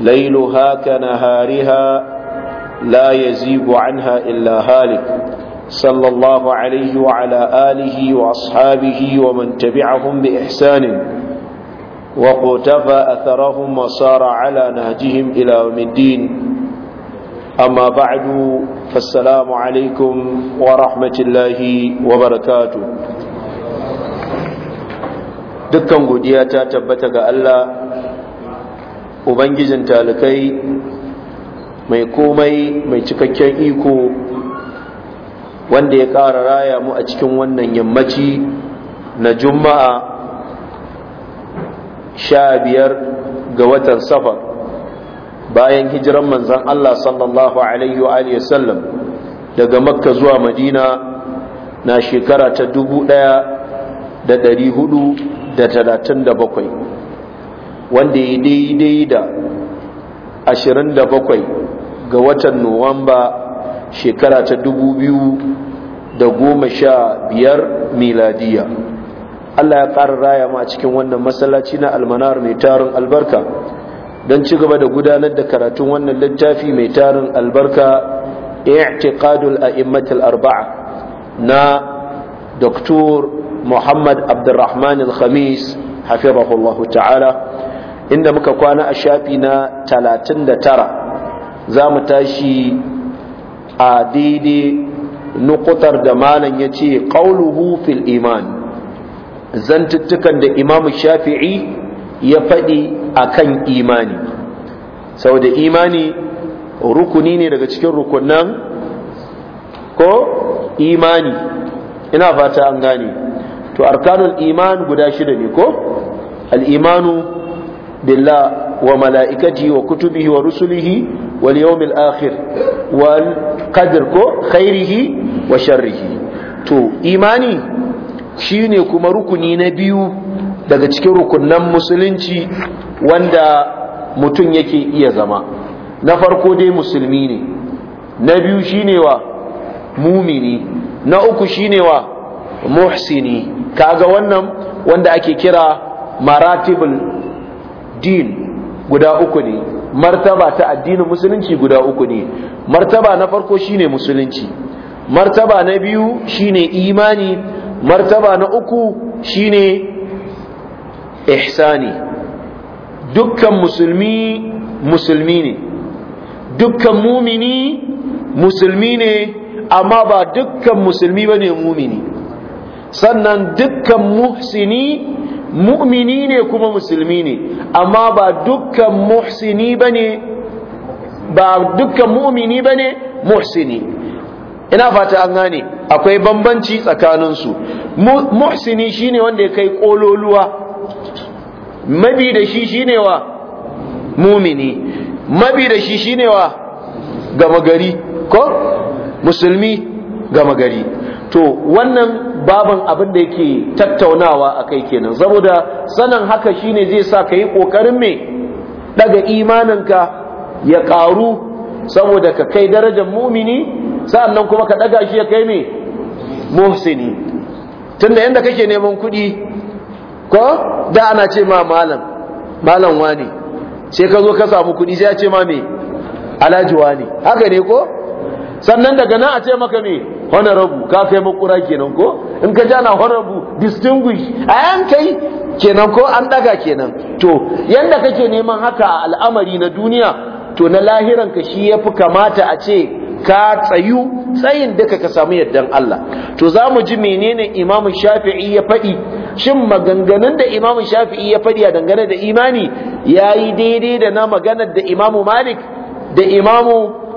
ليلها كنهارها لا يزيغ عنها إلا هالك صلى الله عليه وعلى آله وأصحابه ومن تبعهم بإحسان وقتفى أثرهم وصار على نهجهم إلى يوم الدين أما بعد فالسلام عليكم ورحمة الله وبركاته dukkan godiya ta tabbata ga Allah ubangijin talikai mai komai mai cikakken iko wanda ya ƙara raya mu a cikin wannan yammaci na juma'a sha biyar ga watan Safa. bayan hijiran manzan Allah sallallahu alaihi wa sallam daga makka zuwa madina na shekara ta dubu ɗaya da ɗari hudu da talatin da bakwai wanda ya daidai da 27 ga watan nuwamba shekara ta 2015 miladiya Allah ya ƙara raya ma cikin wannan masallaci na almanar mai tarin albarka don ci gaba da gudanar da karatun wannan littafi mai tarin albarka i'tiqadul a'immatul arba'a na Dr. Muhammad Abdulrahman Al-Khamis hafizahullahu ta'ala inda muka kwana a shafi na 39 za mu tashi a daidai nukutar da malam ya ce ƙauluhu fil iman zantuttukan da imam shafi'i ya faɗi a kan imani sau da imani rukuni ne daga cikin rukunan ko imani ina fata an gane to arkanul iman guda shida ne ko al-imanu. بالله وملائكته وكتبه ورسله واليوم الآخر والقدر خيره وشره تو إيماني شيني rukuni na biyu daga cikin rukunan musulunci wanda mutum yake iya zama na farko dai musulmi ne na biyu shine wa mumini na uku shine wa muhsini kaga wannan wanda ake kira maratibul din guda uku ne martaba ta addinin musulunci guda uku ne martaba na farko shine musulunci martaba na biyu shine imani martaba na uku shine ihsani dukkan musulmi musulmi ne dukkan mumini musulmi ne amma ba dukkan musulmi bane mumini sannan dukkan muhsini mu'mini ne kuma musulmi ne amma ba dukkan muhsini bane ba dukkan mu'mini bane muhsini ina fata an gane akwai bambanci tsakaninsu muhsini shine wanda ya kai kololuwa mabi da shi shine wa mumini mabi da shi shine wa gama gari ko musulmi gama gari to wannan babin abin da yake tattaunawa a kai kenan saboda sanin haka shine zai sa ka yi ƙoƙarin me daga imaninka ya ƙaru saboda ka kai darajar mumini sa'annan kuma ka daga shi ya kai me muhsini tunda yanda kake neman kuɗi ko da ana ce ma malam malam wani sai ka zo ka samu kuɗi sai a ce ma me alhaji wani haka ne ko sannan daga nan a ce maka me honorable ka kai makura kenan ko in ka jana honorable distinguish a yan kai kenan ko an daga kenan to yanda kake neman haka a al'amari na duniya to na lahiran ka shi yafi kamata a ce ka tsayu tsayin duka ka samu yardan Allah to za mu ji menene Imam Shafi'i ya faɗi shin maganganun da Imam Shafi'i ya faɗi a dangane da imani yayi daidai da na maganar da Imam Malik da Imam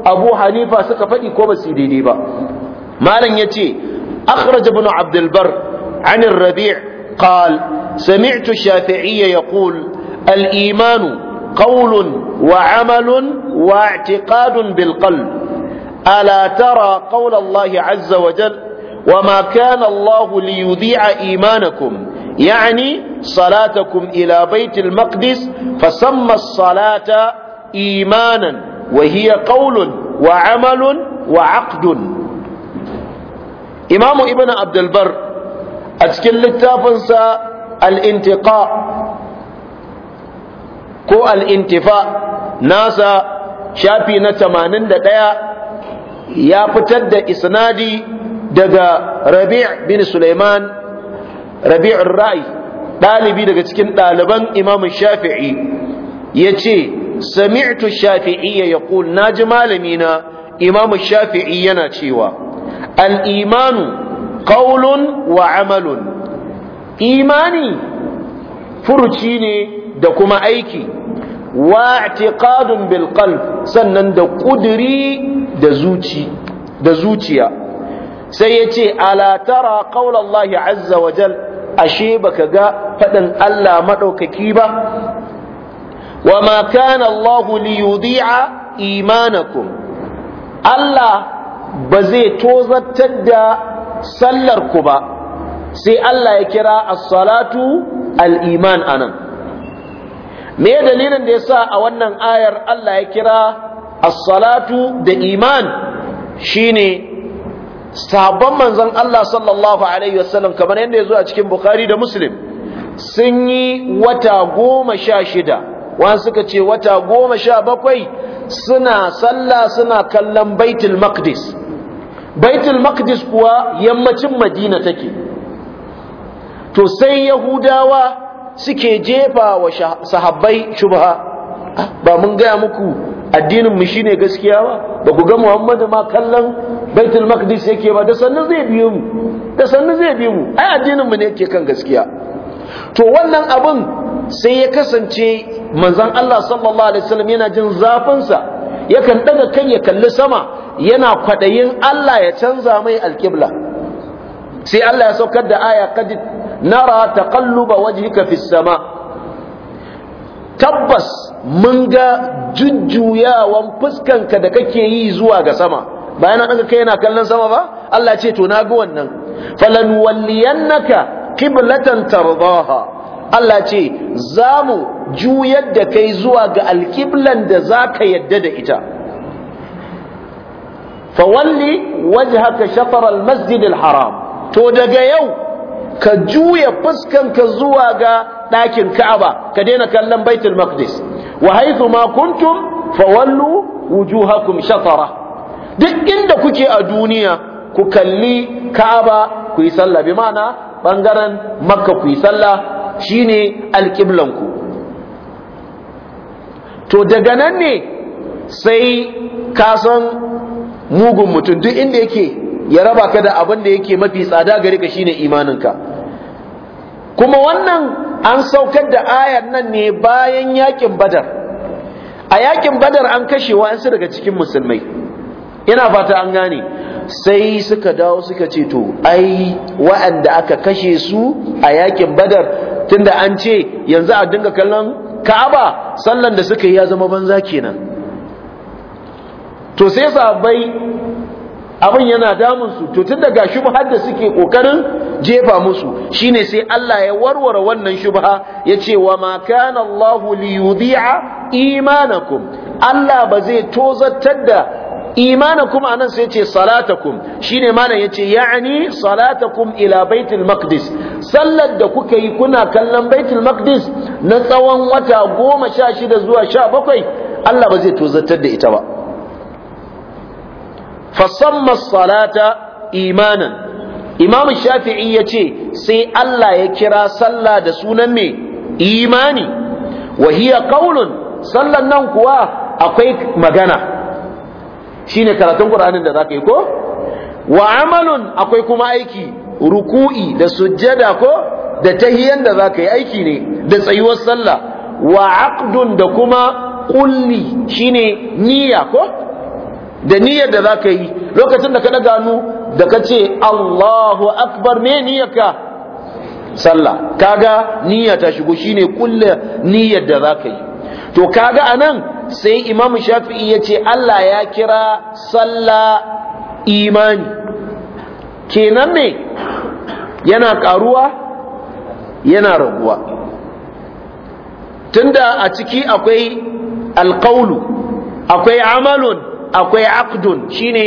Abu Hanifa suka faɗi ko ba su daidai ba مالن يتي أخرج ابن عبد البر عن الربيع قال سمعت الشافعية يقول الإيمان قول وعمل واعتقاد بالقلب ألا ترى قول الله عز وجل وما كان الله ليذيع إيمانكم يعني صلاتكم إلى بيت المقدس فسمى الصلاة إيمانا وهي قول وعمل وعقد وعقد imamu ibn abdulbar a cikin littafinsa al'intiƙa ko al-intifa nasa shafi na tamanin da ɗaya ya fitar da isnadi daga rabi' bin suleiman rabi'ur ra'i ɗalibi daga cikin ɗaliban imamu shafi'i ya ce sami'tu shafi'iyya ya na ji malamina imamu shafi'i yana cewa al'imanu ƙaulun wa amalun imani furuci ne da kuma aiki wa atiqadun bil sannan da ƙuduri da zuciya sai ya ce ala tara qaulallahi azza wa jal ashe baka ga faɗin Allah maɗaukaki ba wa ma kana Allah li Allah ba zai tozartar da sallar ku ba sai Allah ya kira as-salatu al-iman anan me dalilin da yasa a wannan ayar Allah ya kira as-salatu da iman shine sabon manzon Allah sallallahu alaihi wasallam kamar yadda ya zo a cikin Bukhari da Muslim sun yi wata goma sha shida wani suka ce wata goma sha bakwai suna sallah suna kallon baitul maqdis baitul maqdis kuwa yammacin madina take to sai yahudawa suke jefa wa sahabbai shubha ah, ba mun gaya muku addinin mu shine gaskiya ba ba ku ga muhammadu ma kallon baitul maqdis yake ba da sannan zai biyo mu da sannan zai biyo mu ai addinin mu ne yake kan gaskiya to wannan abun sai ya kasance manzon Allah sallallahu alaihi wasallam yana jin zafin sa yakan daga kan ya kalli sama yana kwaɗayin Allah ya canza mai alƙibla sai Allah ya saukar da aya kadid nara taqalluba wajhika fis sama tabbas mun ga jujjuyawan fuskanka da kake yi zuwa ga sama bayan an kai yana kallon sama ba Allah ce to na ga wannan falan walliyannaka qiblatan tardaha Allah ce za mu juyar da kai zuwa ga alƙiblan da za ka yadda da ita fawalli wajhaka shatar al-masjid al-haram to daga yau ka juya fuskanka zuwa ga ɗakin Ka'aba ka daina kallon Baitul Maqdis wa haythu ma kuntum fawallu wujuhakum shatara duk inda kuke a duniya ku kalli Ka'aba ku yi sallah bi ma'ana bangaren Makka ku yi sallah shine ku. to daga nan ne sai ka san mugun mutum duk inda yake ya raba ka da abin da yake mafi tsada gare ka shine imaninka kuma wannan an saukar da ayar nan ne bayan yakin badar a yakin badar an kashe wa'ansu daga cikin musulmai ina fata an gane sai suka dawo suka ce to ai wa'anda aka kashe su a yakin badar tunda an ce yanzu a dinga kallon ka'aba sallan da suka yi ya zama banza kenan to sai sabai abin yana damun su to tun daga shubhar da suke kokarin jefa musu shine sai Allah ya warware wannan shubha yace wa ma kana Allahu li yudhi'a imanakum Allah ba zai tozartar da imanakum anan sai yace salatakum shine malam yace ya'ni salatakum ila baitul maqdis sallar da kuka yi kuna kallon baitul maqdis na tsawon wata 16 zuwa 17 Allah ba zai tozartar da ita ba fasamma salata imanan imamin shafi'i ya ce sai Allah ya kira sallah da sunan mai imani wa hiya qaulun nan kuwa akwai magana shine karatun qur'anin da zaka yi ko wa amalun akwai kuma aiki ruku'i da sujjada ko da tahiyan da zaka yi aiki ne da tsayuwar sallah wa aqdun da kuma kulli shine niyya ko da niyyar da za ka yi lokacin da ka daga da ka ce Allahu akbar me niyyarka sallah kaga niyya ta shigo shi ne kulle niyyar da za ka yi to kaga a nan sai Imam shafi'i ya ce Allah ya kira sallah imani kenan ne yana karuwa yana raguwa tunda a ciki akwai alkaulu akwai amalun akwai aqdun shine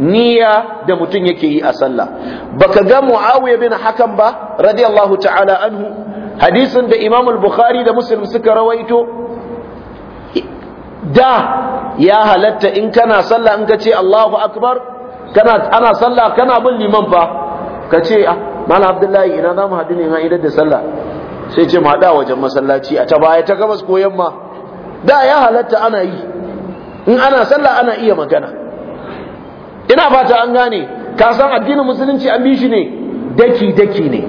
niyya da mutum yake yi a sallah baka ga muawiya bin hakan ba radiyallahu ta'ala anhu hadisin da imam al-bukhari da muslim suka rawaito da ya halatta in kana sallah in ka ce Allahu akbar kana ana sallah kana bin liman fa ka ce ah mala abdullahi ina zamu haɗu ne ma da sallah sai ce mu haɗa wajen masallaci a ta baya ta gabas ko yamma da ya halatta ana yi in ana sallah ana iya magana ina fata an gane ka san addinin musulunci an bi shi ne daki daki ne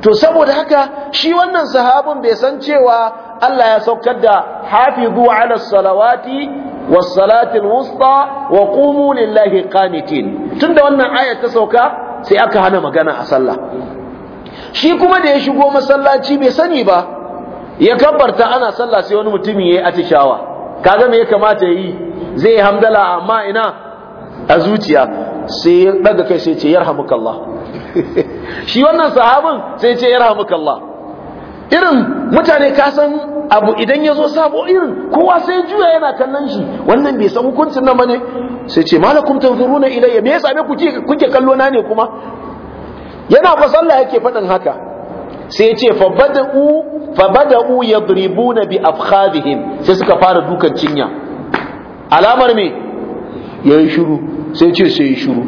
to saboda haka shi wannan sahabin bai san cewa Allah ya saukar da hafizu ala salawati was salatil wusta wa qumu lillahi qanitin tunda wannan aya ta sauka sai aka hana magana a sallah shi kuma da ya shigo masallaci bai sani ba ya kabbarta ana sallah sai wani mutumi yayi atishawa kaga me ya kamata yi zai hamdala amma ina a zuciya sai ya daga kai sai ce yarhamukallah shi wannan sahabin sai ce yarhamukallah irin mutane ka san abu idan ya zo sabo irin kowa sai juya yana kallon shi wannan bai san hukuncin nan bane sai ce malakum tanzuruna ilayya me yasa me kuke kuke kallo na ne kuma yana fa sallah yake faɗin haka sai fa ce fabada'u fabada'u yadribuna bi afkhadihim sai suka fara dukan cinya alamar me ya yi shuru sai ce sai yi shuru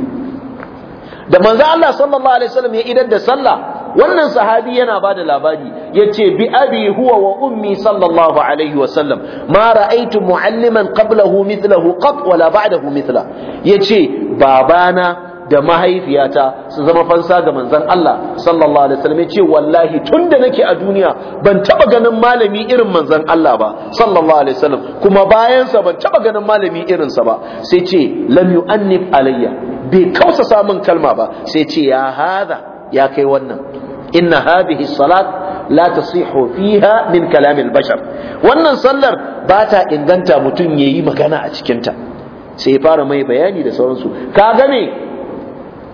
da manzo Allah sallallahu alaihi wasallam ya idan da sallah wannan sahabi yana ba da labari ya ce bi abi huwa wa ummi sallallahu alaihi wasallam ma ra'aitu mu'alliman qablahu mithlahu qat wala ba'dahu mithla ya ce babana da mahaifiyata su zama fansa ga manzon Allah sallallahu alaihi wasallam yace wallahi tunda nake a duniya ban taba ganin malami irin manzon Allah ba sallallahu alaihi wasallam kuma bayan sa ban taba ganin malami irin sa ba sai ce lam yu'annib alayya bai kausa samun kalma ba sai ce ya hada ya kai wannan inna hadhihi salat la tasihu fiha min kalam bashar wannan sallar ba ta inganta mutum yayi magana a cikin ta sai ya fara mai bayani da sauransu kaga ne.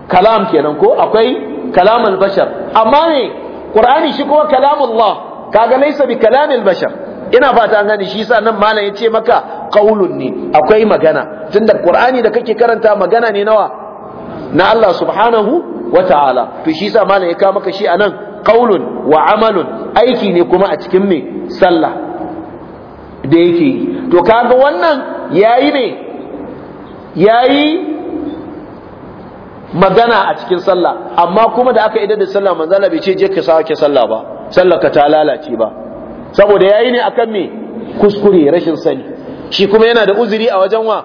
kalam kenan ko akwai kalamul bashar amma ne qur'ani shi kuma kalamullah kaga laysa bi kalamil bashar ina fata an gani shi yasa nan malam yace maka qaulun ne akwai magana tunda qur'ani da kake karanta magana ne nawa na Allah subhanahu wa ta'ala to shi yasa malam ya kawo maka shi anan qaulun wa amalun aiki ne kuma a cikin me sallah da yake to kaga wannan yayi ne yayi magana a cikin sallah amma kuma da aka idar da sallah manzo Allah bai ce je ka sake sallah ba sallah ka ta lalace ba saboda yayi ne akan me kuskure rashin sani shi kuma yana da uzuri a wajen wa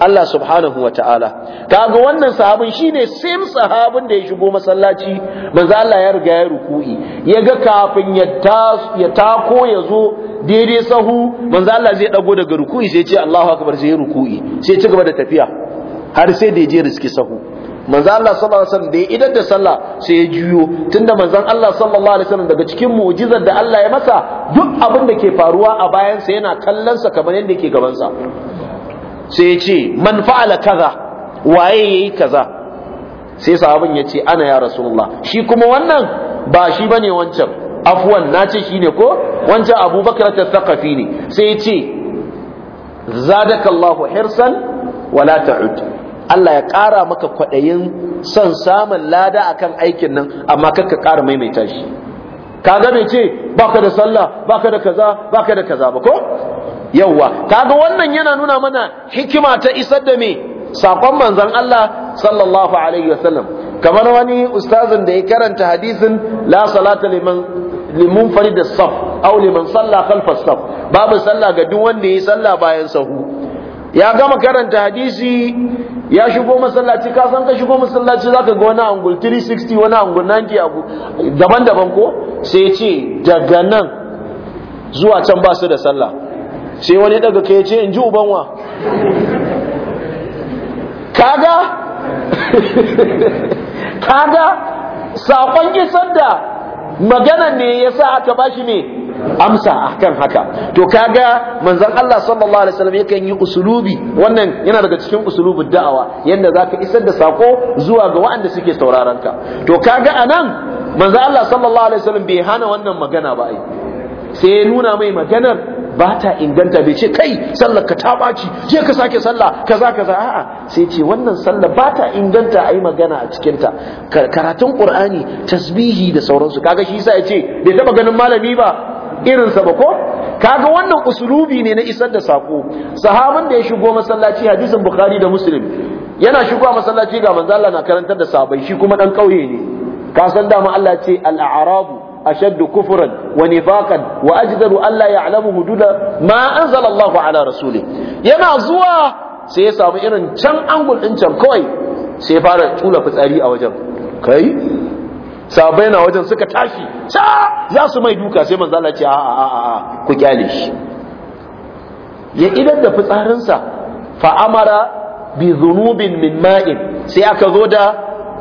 Allah subhanahu wa ta'ala kaga wannan sahabin ne same sahabin da ya shigo masallaci manzo Allah ya riga ya ruku'i ya ga kafin ya ya tako ya zo daidai sahu manzo Allah zai dago daga ruku'i sai ya ce Allahu akbar sai ya ruku'i sai ya ci gaba da tafiya har sai da ya je riski sahu manzo Allah sallallahu alaihi wasallam da ya idar da sallah sai ya juyo tunda manzon Allah sallallahu alaihi wasallam daga cikin mu'jizar da Allah ya masa duk abin da ke faruwa a bayan sa yana kallon sa kamar yanda yake gaban sa sai ya ce man fa'ala kaza waye yayi kaza sai sahabin ya ce ana ya rasulullah shi kuma wannan ba shi bane wancan afwan na ce shine ko wancan abubakar ta ne sai ya ce zadaka hirsan wala ta'ud Allah ya ƙara maka kwaɗayin son samun lada a kan aikin nan amma kakka ƙara maimaita shi kaga bai ce baka da sallah baka da kaza baka da kaza ba ko yawwa kaga wannan yana nuna mana hikima ta isar da me sakon manzon Allah sallallahu alaihi wasallam kamar wani ustazin da ya karanta hadisin la salata liman limun farid as-saf aw liman salla kalfa saf babu sallah ga duk wanda yi sallah bayan sahu ya gama karanta hadisi ya shigo masallaci ka san ka shigo masallaci zaka ga wani angul 360 wani angul 90 abu daban-daban ko sai ce daga nan zuwa can ba su da sallah sai wani daga kai ce in ji ubanwa kaga kaga sakon isar da maganan ne yasa aka bashi ne? amsa kan haka to kaga manzan Allah sallallahu alaihi wasallam yakan yi usulubi wannan yana daga cikin usulubud da'awa yanda zaka isar da sako zuwa ga waɗanda suke sauraron ka to kaga anan manzan Allah sallallahu alaihi wasallam bai hana wannan magana ba ai sai ya nuna mai maganar ba ta inganta bai ce kai sallar ka ta ɓaci je ka sake sallah kaza kaza a'a sai ce wannan sallah ba ta inganta a yi magana a cikin ta karatun qur'ani tasbihi da sauransu kaga shi yasa ya ce bai taɓa ganin malami ba irin sa ba ko kaga wannan usulubi ne na isar da sako sahaban da ya shigo masallaci hadisin bukhari da muslim yana shigo masallaci ga manzo Allah na karantar da sahabbai shi kuma dan kauye ne ka san dama Allah ce al-a'rabu ashaddu kufran wa nifaqan wa ajdaru alla ya'lamu hududa ma anzala Allahu ala rasuli yana zuwa sai ya samu irin can angul din can kawai sai fara tula fitsari a wajen kai Sabaina wajen suka tashi ta za su mai duka sai manzo Allah ce a ku kyale shi ya idan da fitsarinsa fa amara bi dhunubin min ma'in sai aka zo da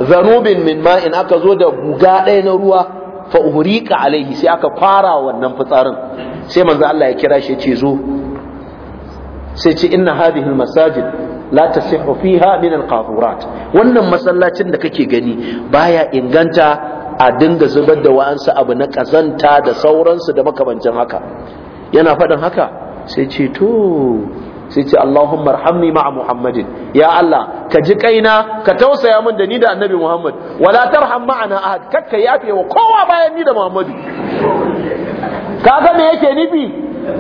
zanubin min ma'in aka zo da guga ɗaya na ruwa fa uhriqa alaihi sai aka fara wannan fitsarin sai manzo Allah ya kira shi ya ce zo sai ce inna hadhihi almasajid la tasihhu fiha min kafurat wannan masallacin da kake gani baya inganta a dinga zubar da wa'ansu abu na kazanta da sauransu da makamancin haka yana faɗin haka sai ce to sai ce Allahumma arhamni ma'a Muhammadin ya Allah ka ji kaina ka tausaya min da ni da annabi Muhammad wala tarham ma'ana ahad kakka yafe wa kowa bayan ni da Muhammadu kaga me yake nufi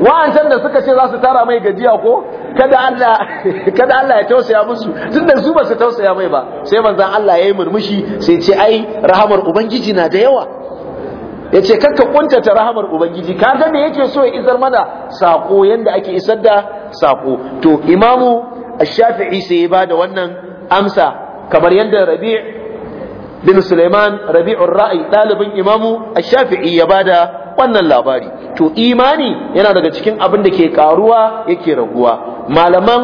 wa'ancan da suka ce za su tara mai gajiya ko kada Allah kada Allah ya tausaya musu tunda su ba su tausaya mai ba sai manzon Allah ya yi murmushi sai ce ai rahamar ubangiji na da yawa ya ce kakka kuntata rahamar ubangiji kaga me yake so ya isar mana sako yanda ake isar da sako to imamu الشافعي shafii sai ya bada wannan amsa kamar yadda rabi' bin Sulaiman rabi'ur ra'i ɗalibin imamu ash-shafi'i ya bada wannan labari to imani yana daga cikin abin da ke karuwa yake raguwa malaman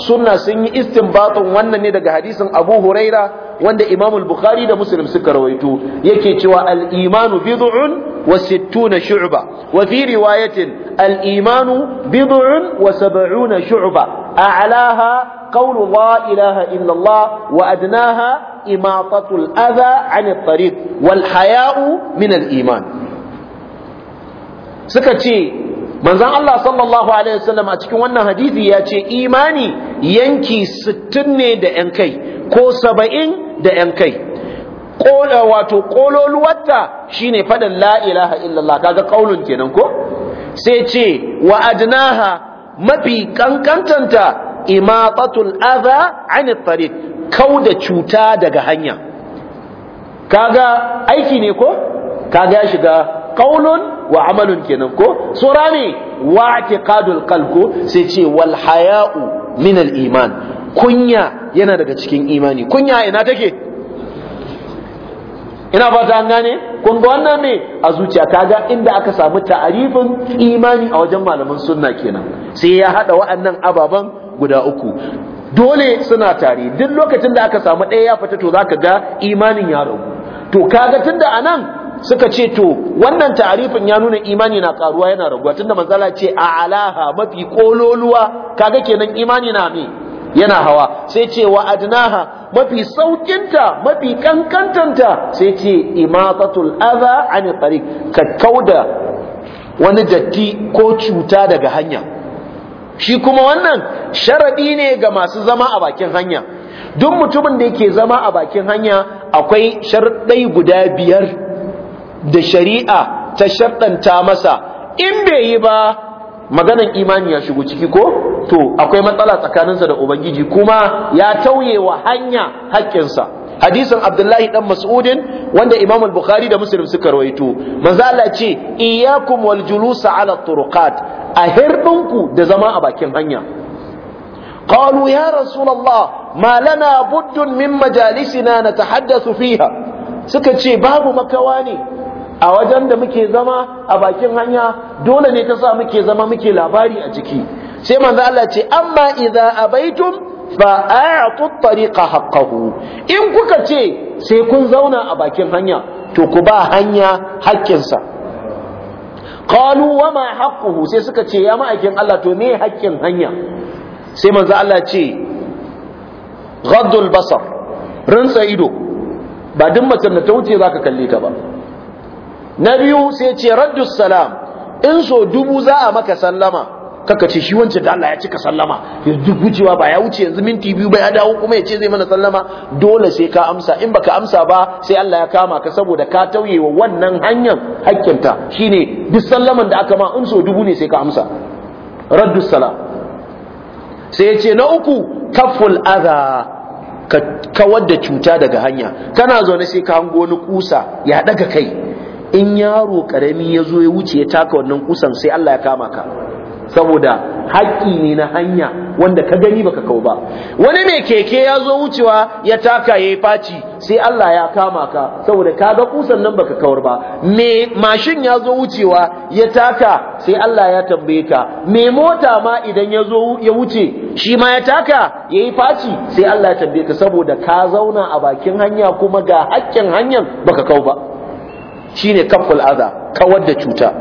sunna sun yi istinbatun wannan ne daga hadisin Abu Huraira wanda Imamul Bukhari da Muslim suka rawaito yake cewa al-imanu bid'un wa sittuna shu'ba wa fi riwayatin al-imanu bid'un wa sab'una shu'ba a'laha qawlu la ilaha wa adnaha imatatu al-adha 'an at-tariq wal haya'u min al-iman suka ce manzon Allah sallallahu alaihi wasallam a cikin wannan hadisi ya ce imani yanki 60 ne da yan kai ko saba'in da ‘yan kai ƙola wato ƙololuwarta shi ne faɗin la'ilaha illallah kaga ƙaunin kenan ko sai ce wa adnaha mafi ƙanƙantanta imatatul aza anit tariq kau da cuta daga hanya kaga aiki ne ko kaga ya shiga ƙaunin wa amalun kenan ko tsora ne wa ake ƙadul ko sai ce wal haya'u iman kunya yana daga cikin imani kunya ina take ina ba ta gane kun ga wannan ne a zuciya kaga inda aka samu ta'arifin imani a wajen malaman sunna kenan sai ya hada wa'annan ababan guda uku dole suna tare duk lokacin da aka samu ɗaya ya fita to zaka ga imanin ya ragu to kaga tunda anan suka ce to wannan ta'arifin ya nuna imani na karuwa yana raguwa tunda manzala ce a alaha mafi kololuwa kaga kenan imani na me yana hawa sai ce wa adnaha mafi saukinta mafi kankantanta sai ce imatatul adha an tariq ka kauda wani datti ko cuta daga hanya shi kuma wannan sharadi ne ga masu zama a bakin hanya duk mutumin da yake zama a bakin hanya akwai sharɗai guda biyar da shari'a ta sharɗanta masa in bai yi ba maganan imani ya shigo ciki ko to akwai matsala tsakaninsa da ubangiji kuma ya tauye wa hanya haƙƙinsa hadisin abdullahi dan mas'udin wanda imam al-bukhari da muslim suka rawaito manzo Allah ce iyyakum wal julusa ala turuqat a hirdinku da zama a bakin hanya qalu ya rasulullah ma lana buddun min majalisina natahaddathu fiha suka ce babu makawa ne a wajen da muke zama a bakin hanya dole ne ta sa muke zama muke labari a ciki sai manzo Allah ce amma idza abaitum fa a'tu at-tariqa haqqahu in kuka ce sai kun zauna a bakin hanya to ku ba hanya haƙƙinsa qalu wama haqquhu sai suka ce ya ma'aikin Allah to me haƙƙin hanya sai manzo Allah ce ghaddul basar ido ba duk macen da ta wuce zaka kalle ta ba na biyu sai ce raddus salam in so dubu za a maka sallama kaka ce shi wancan da Allah ya cika sallama duk wucewa ba ya wuce yanzu minti biyu ba ya dawo kuma ya ce zai mana sallama dole sai ka amsa in baka amsa ba sai Allah ya kama ka saboda ka tauye wa wannan hanyar hakkinta shine duk sallaman da aka ma in so dubu ne sai ka amsa raddus salam sai ya ce na uku kaful adha ka kawar da cuta daga hanya kana zaune sai ka hango wani kusa ya daga kai in yaro karami ya zo ya wuce ya taka wannan kusan sai Allah ya kama ka saboda haƙƙi ne na hanya wanda ka gani baka kau ba wani mai keke ya zo wucewa ya taka ya yi faci sai Allah ya kama ka saboda ka ga kusan nan baka kawar ba me mashin ya zo wucewa ya taka sai Allah ya tambaye ka me mota ma idan ya zo ya wuce shi ma ya taka ya yi faci sai Allah ya tambaye ka saboda ka zauna a bakin hanya kuma ga haƙƙin hanyar baka kau ba shine kaful adha kawar da cuta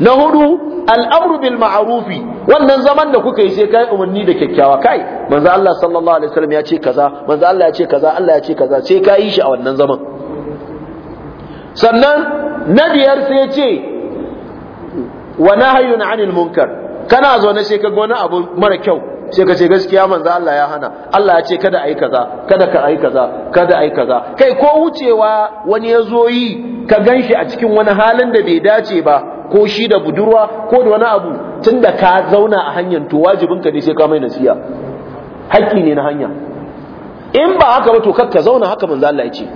na hudu al'amru bil ma'arufi wannan zaman da kuka yi sai kai umarni da kyakkyawa kai manzo Allah sallallahu alaihi wasallam ya ce kaza manzo Allah ya ce kaza Allah ya ce kaza sai ka yi shi a wannan zaman sannan na biyar sai ya ce wa nahyun anil munkar kana zo na sai ka gona abu mara kyau sai ka ce gaskiya manzo Allah ya hana Allah ya ce kada ayi kaza kada ka ayi kaza kada ayi kaza kai ko wucewa wani ya zo yi ka ganshi a cikin wani halin da bai dace ba ko shi da budurwa ko da wani abu tunda ka zauna a hanyar to wajibin ka ne sai ka mai nasiya haƙƙi ne na hanya in ba haka ba to kar ka zauna haka manzo Allah ya ce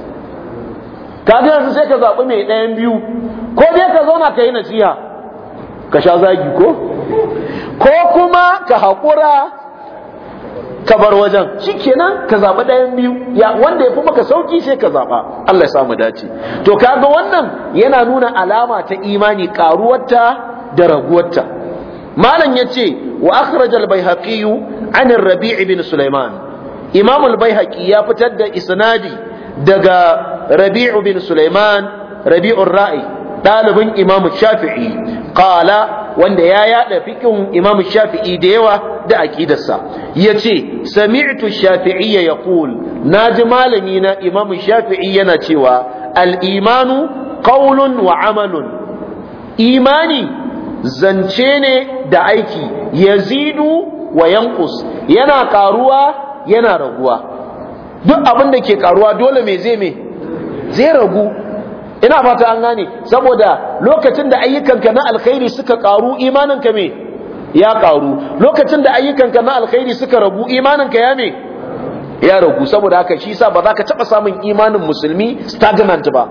ka ga yanzu sai ka zaɓi mai ɗayan biyu ko dai ka zauna ka yi nasiha ka sha zagi ko ko kuma ka haƙura ka bar wajen shikenan ka zaɓi ɗayan biyu ya wanda ya fi maka sauki sai ka zaɓa Allah ya samu dace to kaga wannan yana nuna alama ta imani ƙaruwarta da raguwarta malam yace wa akhrajal baihaqi an rabi' bin sulaiman imam al-baihaqi ya fitar da isnadi daga rabi' bin sulaiman rabi'ur ra'i ɗalibin imam shafi'i qala wanda ya yada fikin Imam Shafi'i da yawa da Ya aqidarsa yace sami'tu Shafi'iyya Na ji malami na Imam Shafi'i yana cewa al-imanu qawlun wa amalun imani zance ne da aiki yazidu wa yanqus yana karuwa yana raguwa duk abin da ke karuwa dole me zai me zai ragu ina fata an gane saboda lokacin da ayyukanka na alkhairi suka karu imaninka me ya karu lokacin da ayyukanka na alkhairi suka ragu imaninka ya me ya ragu saboda haka shi sa ba za ka taba samun imanin musulmi stagnant ba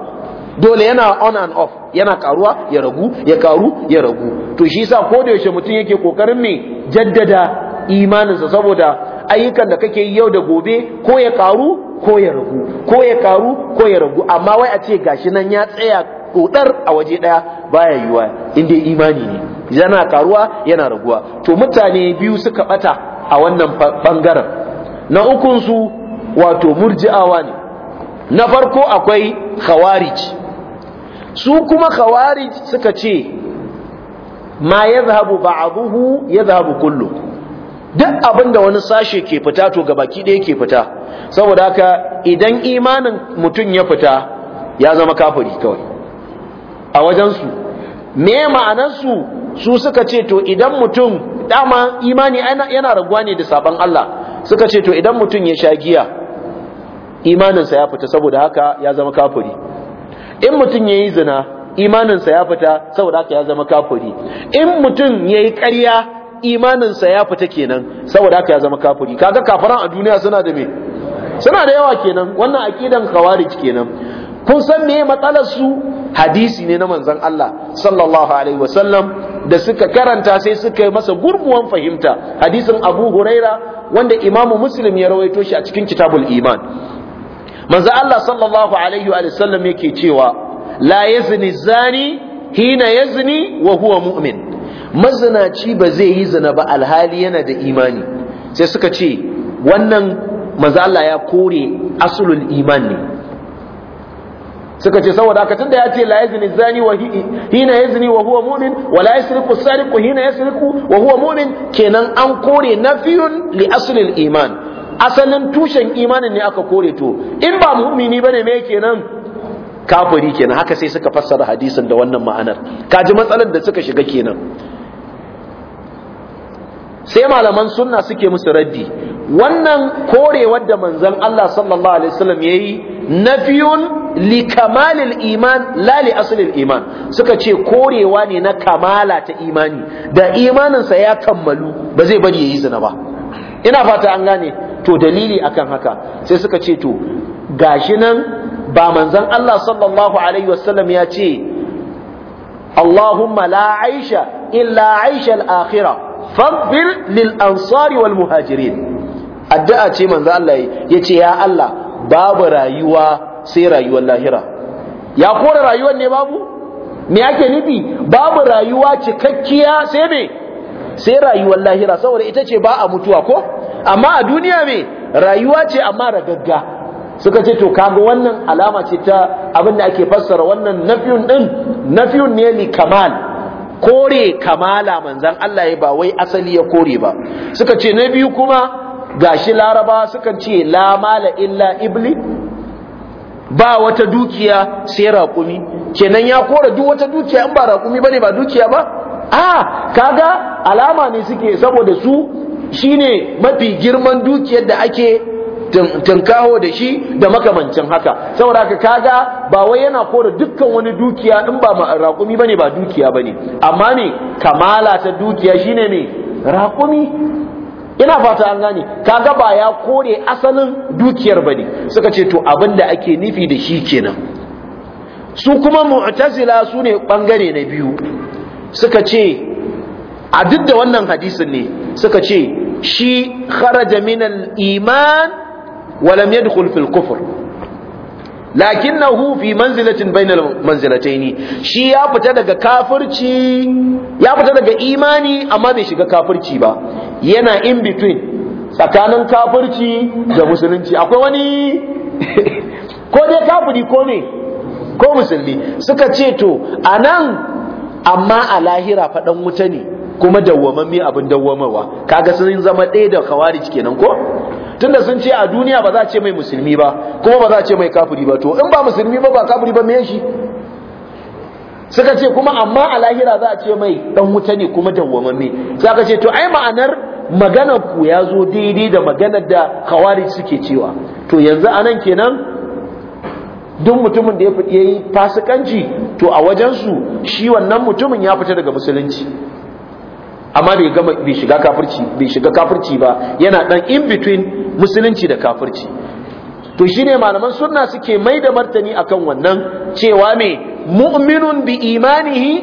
dole yana on and off yana karuwa ya ragu ya karu ya ragu to shi sa ko da yaushe mutum yake kokarin me jaddada imaninsa saboda ayyukan da kake yi yau da gobe ko ya karu ko ya ragu ko ya karu ko ya ragu amma wai a ce gashi nan ya tsaya kodar a waje daya baya yiwa inda imani ne yana karuwa yana raguwa to mutane biyu suka bata a wannan bangaren na ukun su wato murji'awa ne na farko akwai khawarij su kuma khawarij suka ce ma yadhhabu ya yadhhabu kullum. duk abin da wani sashe ke fita to ga baki ɗaya ke fita saboda haka idan imanin mutum ya fita ya zama kafiri kawai a wajensu me ma'anarsu su suka ce to idan mutum dama imani yana raguwa ne da sabon Allah suka ce to idan mutum ya sha giya imaninsa ya fita saboda haka ya zama kafiri in mutum ya yi zina imaninsa ya fita saboda haka ya zama kafiri in mutum ya yi ƙarya imaninsa ya fita kenan saboda haka ya zama kafiri kaga kafiran a duniya suna da me suna da yawa kenan wannan aqidan khawarij kenan kun san me matsalar su hadisi ne na manzon Allah sallallahu alaihi wasallam da suka karanta sai suka yi masa gurguwan fahimta hadisin Abu Huraira wanda Imam Muslim ya rawaito shi a cikin Kitabul Iman manzon Allah sallallahu alaihi wa sallam yake cewa la yazni zani hina yazni wa huwa mu'min mazinaci ba zai yi zina ba alhali yana da imani sai suka ce wannan manzo ya kore asulul iman ne suka ce saboda haka tunda ya ce la yazni zani wa hina yazni wa huwa mu'min wa la yasriqu sariqu hina yasriqu wa huwa mu'min kenan an kore nafiyun li aslil iman asalin tushen imanin ne aka kore to in ba mu'mini ne me kenan Kafuri kenan haka sai suka fassara hadisin da wannan ma'anar kaji matsalar da suka shiga kenan sai malaman sunna suke musu raddi wannan korewar da manzon Allah sallallahu alaihi wasallam yayi nafiyun li kamalil iman la li iman suka ce korewa ne na kamala ta imani da imaninsa ya kammalu ba zai bari yayi zina ba ina fata an gane to dalili akan haka sai suka ce to gashi nan ba manzon Allah sallallahu alaihi wasallam ya ce Allahumma la aisha illa aisha al-akhirah faghfir lil ansari wal muhajirin addu'a ce manzo Allah yace ya Allah babu rayuwa sai rayuwar lahira ya kora rayuwar ne babu me ake nufi babu rayuwa cikakkiya sai me sai rayuwar lahira saboda ita ce ba a mutuwa ko amma a duniya me rayuwa ce amma ragagga suka ce to kaga wannan alama ce ta abin da ake fassara wannan nafiyun din nafiyun ne li kamal kore kamala manzan Allah ya ba wai asali ya kore ba suka ce na biyu kuma gashi laraba suka ce la mala illa ibli ba wata dukiya sai raƙumi kenan ya kore duk wata dukiya in ba raƙumi bane ba dukiya ba a kaga alama ne suke saboda su shine mafi girman dukiyar da ake Tinkaho da shi da makamancin haka saboda ka kaga ba wai yana kore dukkan wani dukiya in ba raƙumi bane ba dukiya bane amma ne kamala ta dukiya shine ne raƙumi ina fata an gane kaga ba ya kore asalin dukiyar bane suka ce to abinda ake nufi da shi kenan su kuma mu'tazila su ne bangare na biyu suka ce a duk da wannan hadisin ne suka ce shi kharaja min iman ولم يدخل في الكفر لكنه في منزلة بين المنزلتين shi ya fita daga kafirci ya fita daga imani amma bai shiga kafirci ba yana in between tsakanin kafirci da musulunci akwai wani ko dai kafiri ko ne ko musulmi suka ce to anan amma a lahira faɗan wuta ne kuma dawwamamme abin dawwamawa kaga sun zama ɗaya da khawarij kenan ko tunda sun ce a duniya ba za ce mai musulmi ba kuma ba za ce mai kafiri ba to in ba musulmi ba ba kafiri ba me shi suka ce kuma amma a lahira za a ce mai dan wuta ne kuma dawwamamme za ka ce to ai ma'anar maganar ku ya zo daidai da maganar da kawari suke cewa to yanzu anan kenan duk mutumin da ya yayi fasikanci to a wajensu shi wannan mutumin ya fita daga musulunci amma bai gama bai shiga kafirci bai shiga kafirci ba yana dan in between musulunci da kafirci to shine malaman sunna suke mai da martani akan wannan cewa me mu'minun bi imanihi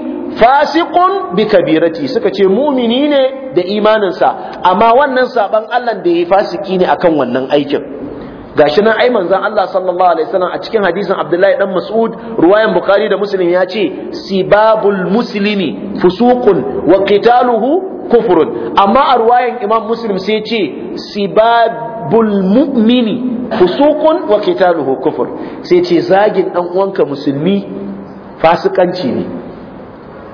fasiqun bi kabirati suka ce mumini ne da imaninsa amma wannan saban Allah da yayi fasiki ne akan wannan aikin gashi nan ai manzon Allah sallallahu alaihi wasallam a cikin hadisin Abdullahi dan Mas'ud ruwayan Bukhari da Muslim ya ce sibabul muslimi fusuqun wa qitaluhu kufrun amma a ruwayan Imam Muslim sai ce sibabul mu'mini fusuqun wa qitaluhu kufur sai ce zagin dan uwanka musulmi fasikanci ne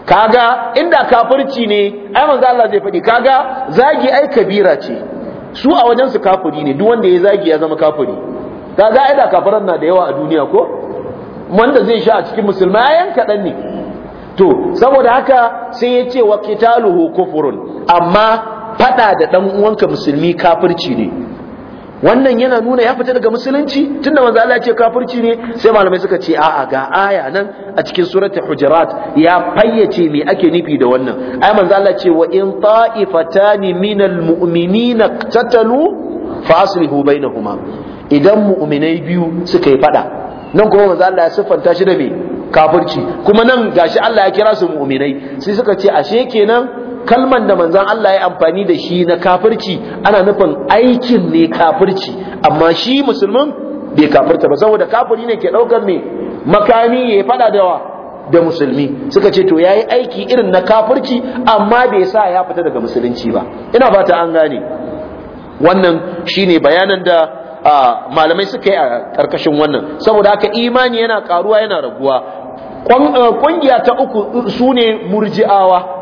kaga inda kafirci ne ai manzon Allah zai faɗi kaga zagi ai kabira ce su a wajen su kafuri ne duk wanda ya zagi ya zama kafiri ga ai da kafiran na da yawa a duniya ko wanda zai sha a cikin musulma yanka kadan ne to saboda haka sai ya ce wa qitaluhu kufrun amma faɗa da ɗan uwanka musulmi kafirci ne wannan yana nuna ya fita daga musulunci tunda manzo Allah ya ce kafirci ne sai malamai suka ce a'a ga aya nan a cikin suratul hujurat ya fayyace me ake nufi da wannan ai manzo Allah ce wa in ta'ifatani minal mu'minina qatalu fa bainahuma idan mu'minai biyu suka yi fada nan kuma manzo Allah ya siffanta shi da me kafirci kuma nan gashi Allah ya kira su mu'minai sai suka ce ashe kenan kalman da manzan Allah ya amfani da shi na kafirci ana nufin aikin ne kafirci amma shi musulmin bai kafirta ba saboda kafiri ne ke daukar me makami ya fada da wa da musulmi suka ce to yayi aiki irin na kafirci amma bai sa ya fita daga musulunci ba ina fata an gane wannan shine bayanan da malamai suka yi a karkashin wannan saboda haka imani yana karuwa yana raguwa ƙungiya ta uku sune murji'awa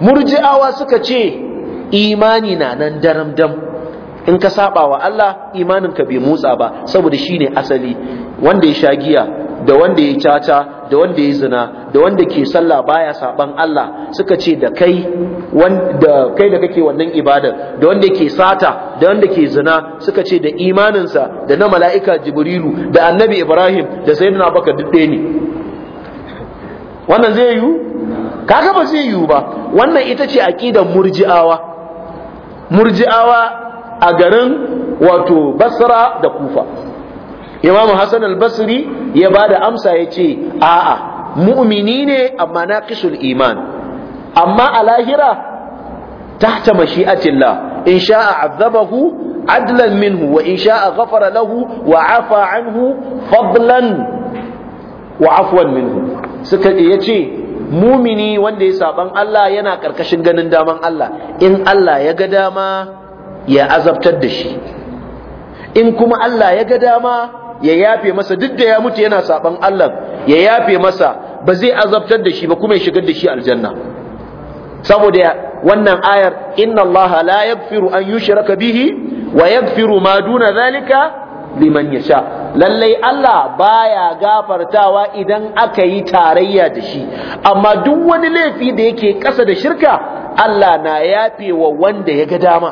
murji'awa suka ce imani na nan daren dam in ka saba wa Allah imanin ka bai motsa ba saboda shine asali wanda ya sha giya da wanda ya caca da wanda ya zina da wanda ke sallah baya saban Allah suka ce da kai wanda kai da kake wannan ibadar da wanda ke sata da wanda ke zina suka ce da imaninsa da na mala'ika jibrilu da annabi ibrahim da sayyidina abubakar duk ne wannan zai yiwu kaga ba zai yiwu ba wannan ita ce aqidar murji'awa murji'awa a garin wato basra da kufa imamu Hassan al-basri ya ba da amsa ya ce a'a mu'mini ne amma naqisul iman amma a lahira tahta mashi'atillah in sha'a azabahu adlan minhu wa in sha'a ghafara lahu wa afa anhu fadlan wa afwan minhu suka yace mumini wanda ya saban Allah yana karkashin ganin daman Allah in Allah ya ga dama ya azabtar da shi in kuma Allah ya ga dama ya yafe masa duk da ya mutu yana saban Allah ya yafe masa ba zai azabtar da shi ba kuma ya shigar da shi aljanna saboda wannan ayar inna Allah la yaghfiru an yushraka bihi wa yaghfiru ma duna zalika liman ya sha lallai Allah baya gafartawa idan aka yi tarayya da shi amma duk wani laifi da yake ƙasa da shirka Allah na yafe wa wanda ya ga dama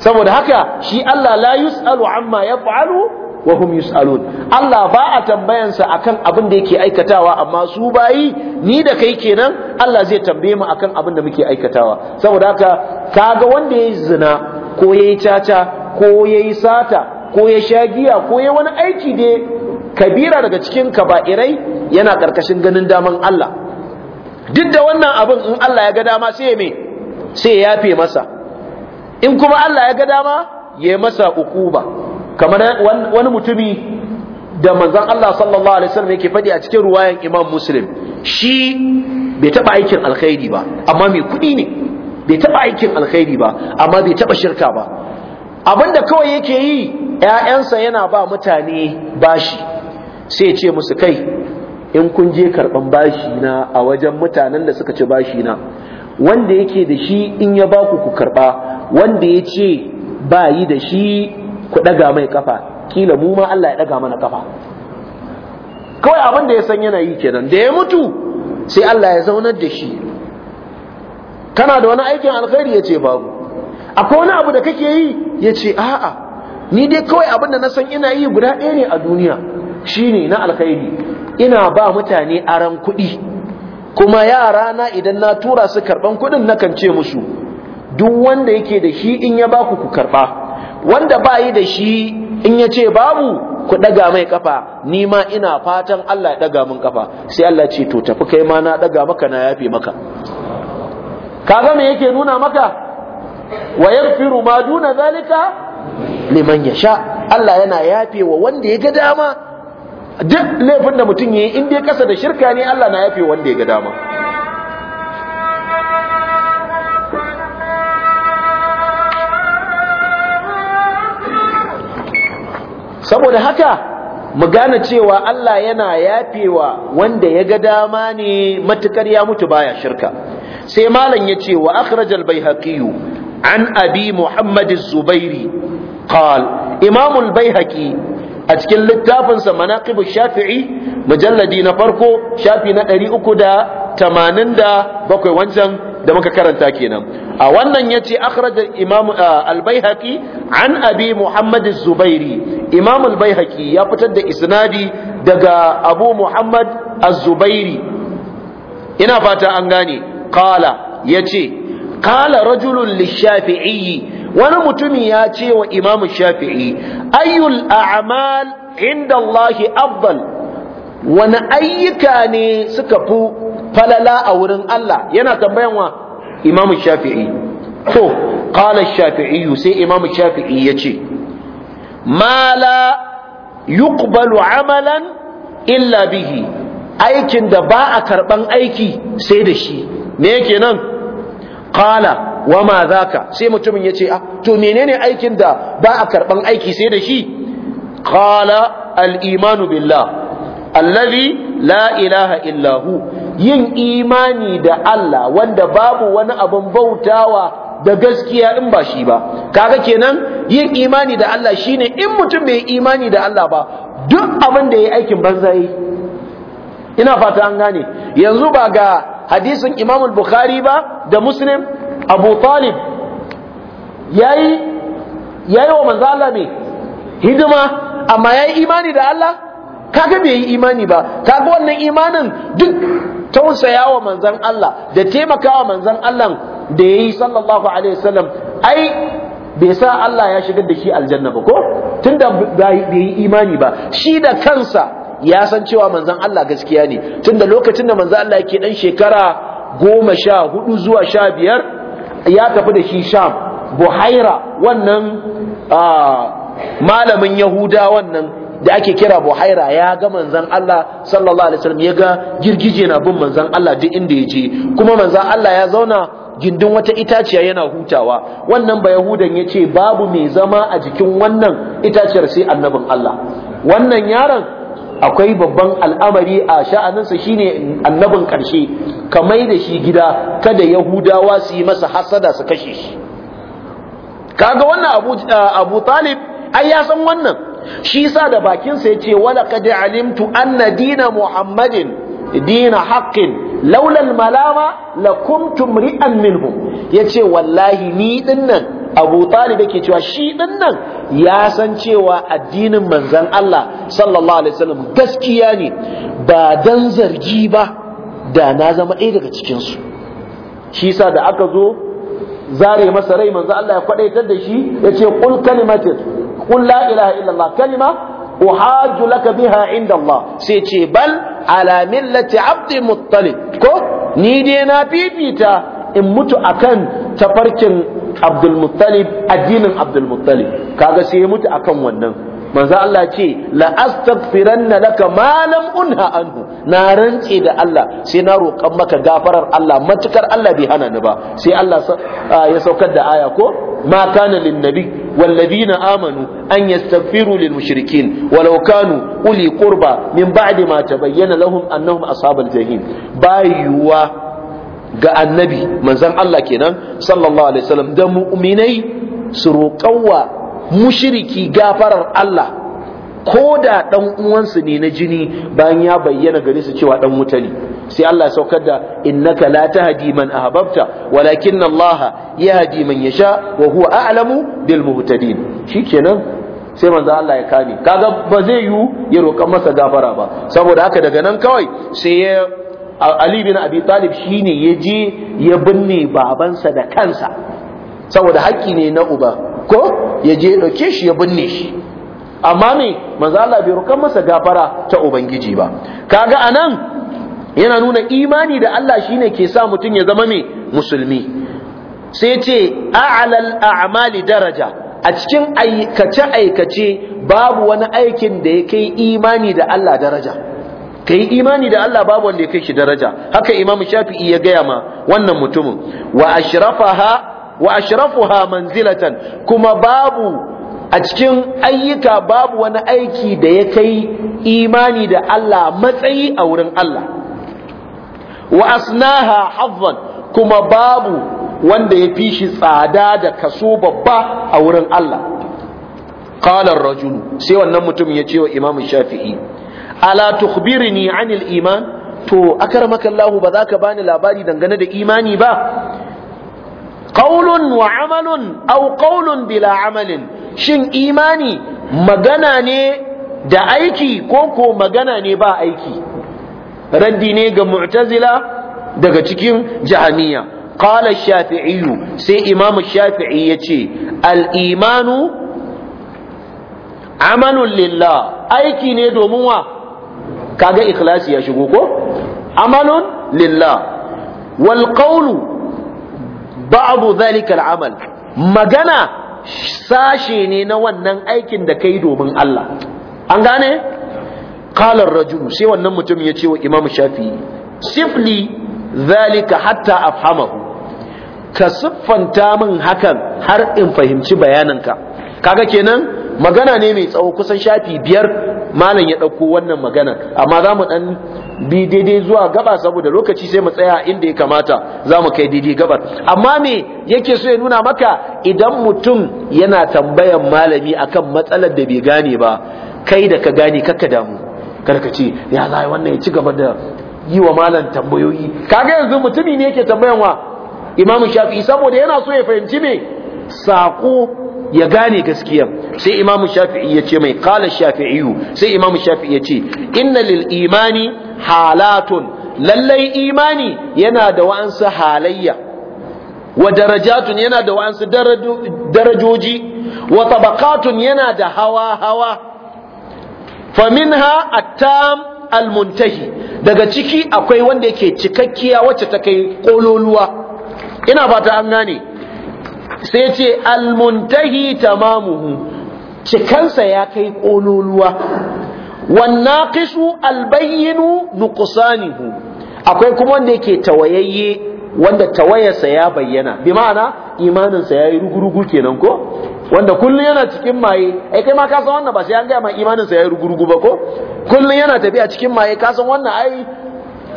saboda haka shi Allah la yus'alu amma yaf'alu wa hum yus'alun Allah ba a tambayansa akan abin da yake aikatawa amma su bayi ni da kai kenan Allah zai tambaye mu akan abin da muke aikatawa saboda haka kaga wanda yayi zina ko yayi caca ko yayi sata ko ya sha giya ko ya wani aiki dai kabira daga cikin kaba'irai yana karkashin ganin daman Allah duk da wannan abin in Allah ya ga dama sai me sai ya yafe masa in kuma Allah ya ga dama ya masa ukuba kamar wani mutumi da manzon Allah sallallahu alaihi wasallam yake faɗi a cikin ruwayan Imam Muslim shi bai taɓa aikin alkhairi ba amma mai kuɗi ne bai taɓa aikin alkhairi ba amma bai taɓa shirka ba abinda kawai yake yi ƴaƴansa yana ba mutane bashi sai ce musu kai in kun je karɓan bashi na a wajen mutanen da suka ci bashi na wanda yake da shi in ya baku ku karɓa wanda ya ce ba yi da shi ku ɗaga mai kafa kila mu ma Allah ya ɗaga mana kafa kawai abin da ya san yana yi kenan da ya mutu sai Allah ya zaunar da shi kana da wani aikin alkhairi ya ce babu akwai wani abu da kake yi ya ce a'a ni dai kawai abin da na san ina yi guda ɗaya ne a duniya shine na alkhairi ina ba mutane aran kuɗi kuma yara na idan na tura su karɓan kuɗin na kan ce musu duk wanda yake da shi in ya baku ku karɓa wanda ba yi da shi in ya ce babu ku ɗaga mai kafa ni ma ina fatan Allah ya ɗaga min kafa sai Allah ce to tafi kai ma na ɗaga maka na yafe maka kaga me yake nuna maka wa yaghfiru ma duna zalika liman yasha Allah yana yafewa wanda ya ga dama duk laifin da mutum ya yi in dai kasa da shirka ne Allah na yafe wanda ya ga dama saboda haka mu gane cewa Allah yana yafewa wanda ya ga dama ne matukar ya mutu baya shirka sai malam ya ce wa akhrajal baihaqi an abi muhammad az-zubairi qal imam al-baihaqi a cikin littafinsa manaqib shafii mujalladi na farko shafi na 387 wancan da muka karanta kenan a wannan yace akhraja imam al-baihaqi an abi muhammad az-zubairi imam al-baihaqi ya fitar da isnadi daga abu muhammad az-zubairi ina fata an gane qala yace qala rajulun lish-shafi'i wani mutumi ya ce wa imamu shafi'i ayyul a'mal inda Allahi Abbal wani ayyuka ne suka fi falala a wurin Allah yana tambayan wa imamu shafi'i to kala shafi'i sai imamu shafi'i ya ce mala yuqbalu amalan illa bihi aikin da ba a karɓan aiki sai da shi me yake nan kala wa ma zaka sai mutumin yace ah to menene aikin da ba a karban aiki sai da shi qala al imanu billah allazi la ilaha illa yin imani da Allah wanda babu wani abun bautawa da gaskiya in ba shi ba kaga kenan yin imani da Allah shine in mutum bai imani da Allah ba duk abin da yayi aikin banza yi ina fata an gane yanzu ba ga hadisin imamul bukhari ba da Muslim abu talib yayi yayi wa manzo Allah me hidima amma yayi imani da Allah kaga bai yi imani ba kaga wannan imanin duk wa manzon Allah da taimaka taimakawa manzon Allah da yayi sallallahu alaihi wasallam ai bai sa Allah ya shigar da shi aljanna ba ko tunda bai yi imani ba shi da kansa ya san cewa manzon Allah gaskiya ne tunda lokacin da manzon Allah yake dan shekara goma sha hudu zuwa sha biyar ya tafi da shi sham buhaira wannan malamin yahuda wannan da ake kira buhaira ya ga manzan Allah sallallahu alaihi wasallam ya ga girgije na bin manzan Allah duk inda ya je kuma manzan Allah ya zauna gindin wata itaciya yana hutawa wannan ba yahudan ya ce babu mai zama a jikin wannan itaciyar sai annabin Allah wannan yaron akwai babban al'amari a sha'aninsa shine annabin ƙarshe ka mai da shi gida kada yahudawa su yi masa hasada su kashe shi kaga wannan abu uh, abu talib ai ya san wannan shi sa da bakinsa yace wala qad alimtu anna dina muhammadin dina haqqin laula al malama lakuntum ri'an minhum yace wallahi ni dinnan abu talib yake cewa shi din nan ya san cewa addinin manzon Allah sallallahu alaihi wasallam gaskiya ne ba dan zargi ba da na zama ɗaya daga cikin su shi sa da aka zo zare masa rai manzan Allah ya kwadaitar da shi yace qul kalimatin qul la ilaha illallah kalima uhajju laka biha inda Allah sai ce bal ala millati abdi muttalib ko ni dai na fifita in mutu akan tafarkin Abdul addinin Abdul ka kaga sai ya mutu akan wannan manzo Allah ce la astaghfiranna laka ma lam unha anhu na rantse da Allah sai na roƙan maka gafarar Allah matukar Allah bai hana ni ba sai Allah ya saukar da aya ko ma kana lin nabi والذين آمنوا أن يستغفروا للمشركين ولو كانوا أولي قربى من بعد ما تبين لهم أنهم أصحاب الجحيم bayuwa. ga annabi manzan Allah kenan sallallahu alaihi wasallam da mu'minai su roƙawa mushiriki gafarar Allah ko da ɗan uwansu ne na jini bayan ya bayyana gare su cewa dan wuta ne sai Allah ya saukar da innaka la tahdi man ahbabta walakin Allah yahdi man yasha wa huwa a'lamu bil muhtadin kenan, sai manzo Allah ya kame kaga ba zai yiwu ya roƙa masa gafara ba saboda haka daga nan kawai sai ya ali bin abi talib ne ya je ya binne babansa da kansa saboda haƙƙi ne na uba ko ya je ɗauke shi ya binne shi amma me manzo Allah bai rukan masa gafara ta ubangiji ba kaga anan yana nuna imani da Allah shine ke sa mutum ya zama me musulmi sai ce a'lal a'mali daraja a cikin aikace aikace babu wani aikin da ya kai imani da Allah daraja ka yi imani da Allah babu wanda ya kai shi daraja haka imamu shafi'i ya gaya ma wannan mutumin wa ashrafaha wa ashrafuha manzilatan kuma babu a cikin ayyuka babu wani aiki da ya kai imani da Allah matsayi a wurin Allah wa asnaha hazzan kuma babu wanda ya fi shi tsada da kaso babba a wurin Allah qala ar-rajul sai wannan mutum ya ce wa imamu shafi'i ala tukhbirni anil iman to akramaka Allah ba za ka bani labari dangane da imani ba qaulun wa amalun aw qaulun bila amalin shin imani magana ne da aiki ko ko magana ne ba aiki raddi ne ga mu'tazila daga cikin jahamiya qala shafi'i sai imam shafi'i yace al imanu amalun lillah aiki ne domin wa kaga ikhlasi ya shigo ko amalun lillah wal qawlu ba'du dhalika al amal magana sashe ne na wannan aikin da kai domin Allah an gane qala ar-rajul sai wannan mutum ya ce wa imam shafi'i sifli dhalika hatta afhamahu ka siffanta min hakan har in fahimci Ka kaga kenan magana ne mai tsawo kusan shafi biyar malam ya ɗauko wannan magana amma za mu ɗan bi daidai zuwa gaba saboda lokaci sai mu tsaya inda ya kamata za mu kai daidai gabar amma me yake so ya nuna maka idan mutum yana tambayan malami akan matsalar da bai gane ba kai da ka gane kakka damu karka ce ya za wannan ya ci gaba da yi wa malam tambayoyi kaga yanzu mutumi ne yake tambayan wa imamu shafi'i saboda yana so ya fahimci me sako ya gane gaskiya sai imamu shafi'i ya ce mai qala shafi'iyu sai imamu shafi'i ya ce inna lil imani halatun lallai imani yana da wa'ansu halayya wa darajatun yana da wa'ansu darajoji wa tabaqatun yana da hawa hawa faminha attam almuntahi daga ciki akwai wanda yake cikakkiya wacce ta kai kololuwa ina fata an gane sai ce almuntahi tamamuhu cikansa ya kai ƙololuwa wannaqishu albayyinu nuqsanihu akwai kuma wanda yake tawayayye wanda tawayarsa ya bayyana bi ma'ana imaninsa ya yi rugurugu kenan ko wanda kullum yana cikin maye ai kai ma ka san wannan ba sai an gaya ma imaninsa ya yi rugurugu ba ko kullum yana tafiya cikin maye ka san wannan ai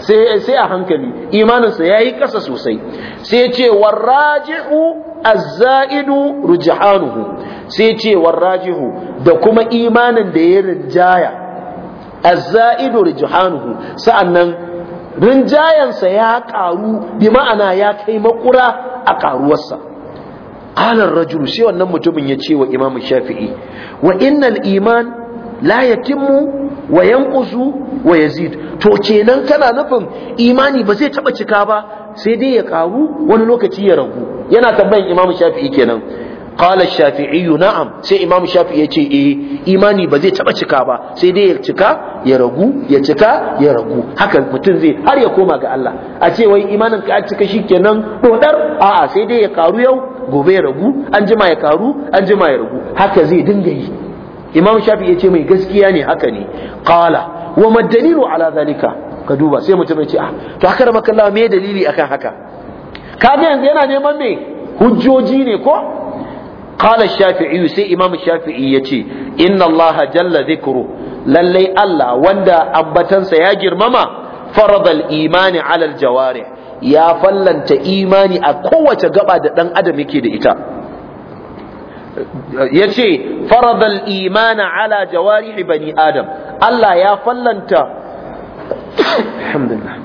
sai a hankali imaninsa ya yi ƙasa sosai sai ce warraji'u azza'idu rujhanuhu sai ce warraji'u da kuma imanin da ya rinjaya azza'idu rujhanuhu sa'annan rinjayansa ya karu bi ma'ana ya kai makura a ƙaruwarsa alar rajulu sai wannan mutumin ya ce wa imamu shafi'i wa innal iman la yatimmu wa yanqusu wa yazid to kenan kana nufin imani ba zai taba cika ba sai dai ya karu wani lokaci ya ragu yana tambayan imam shafi'i kenan qala shafi'i na'am sai imam shafi'i ya ce eh imani ba zai taba cika ba sai dai ya cika ya ragu ya cika ya ragu haka mutum zai har ya koma ga Allah a ce wai imanin ka cika shikenan dodar a'a sai dai ya karu yau gobe ya ragu an jima ya karu an jima ya ragu haka zai dinga yi imam shafi ya ce mai gaskiya ne haka ne qala wa madalilu ala zalika ka duba sai mutum ya ce ah to haka da makalla me dalili akan haka kaga yanzu yana neman me hujjoji ne ko qala shafi'i sai imam shafi'i ya ce inna allah jalla dhikru lallai allah wanda ambatansa ya girmama faradal imani ala aljawarih ya fallanta imani a kowace gaba da dan adam yake da ita yace faradal iman ala jawarih bani adam Allah ya fallanta alhamdulillah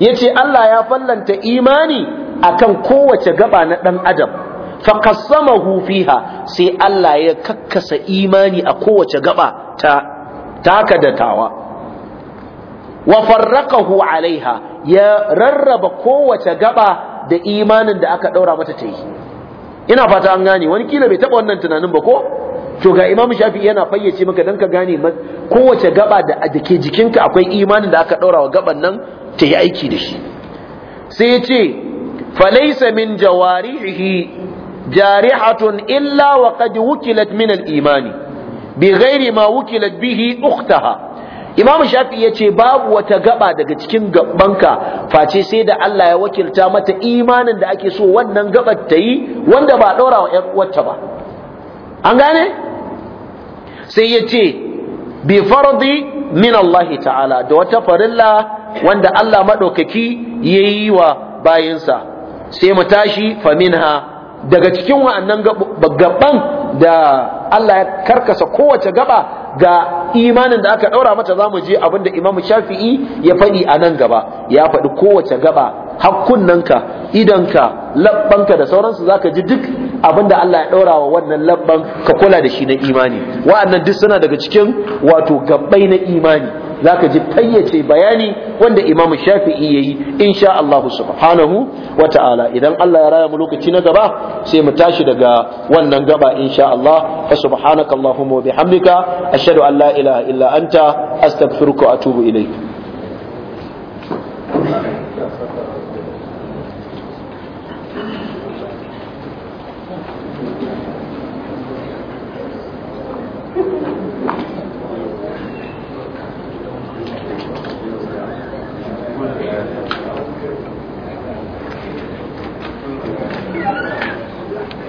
yace Allah ya fallanta imani akan kowace gaba na dan adam fa qassamahu fiha sai Allah ya kakkasa imani a kowace gaba ta taka da tawa wa farraqahu alaiha ya rarraba kowace gaba da imanin da aka daura mata ta yi ina fata an gane wani kila bai taba wannan tunanin ba ko to ga imamu shafi yana fayyace maka dan ka gane kowace gaba da dake jikinka akwai imanin da aka daura wa gaban nan ta yi aiki da shi sai ya ce falaysa min jawarihi jarihatun illa wa qad wukilat min al-imani bighairi ma wukilat bihi ukhtaha imamu shafi ya ce babu wata gaba daga cikin gabanka face sai da Allah ya wakilta mata imanin da ake so wannan gabar ta yi wanda ba ɗora wa ‘yan uwarta ba an gane sai ya ce bi fardi min Allah ta'ala da wata farilla wanda Allah maɗaukaki ya yi wa bayansa sai mu tashi faminha daga cikin wa'annan gaɓan. da Allah ya karkasa kowace gaba ga imanin da aka daura mata za mu je abinda Imam Shafi'i ya faɗi a nan gaba ya faɗi kowace gaba hakkunnanka idanka labbanka da sauransu zaka ji duk abinda Allah ya daura wa wannan labban ka kula da shi na imani wa'annan duk suna daga cikin wato gabbai na imani zaka ji fayyace bayani wanda Imam Shafi'i yayi insha Allah subhanahu wata'ala idan Allah ya raya mu lokaci na gaba sai mu tashi daga wannan gaba insha Allah fa subhanakallahumma wa bihamdika ashhadu an la ilaha illa anta astaghfiruka wa atubu ilayk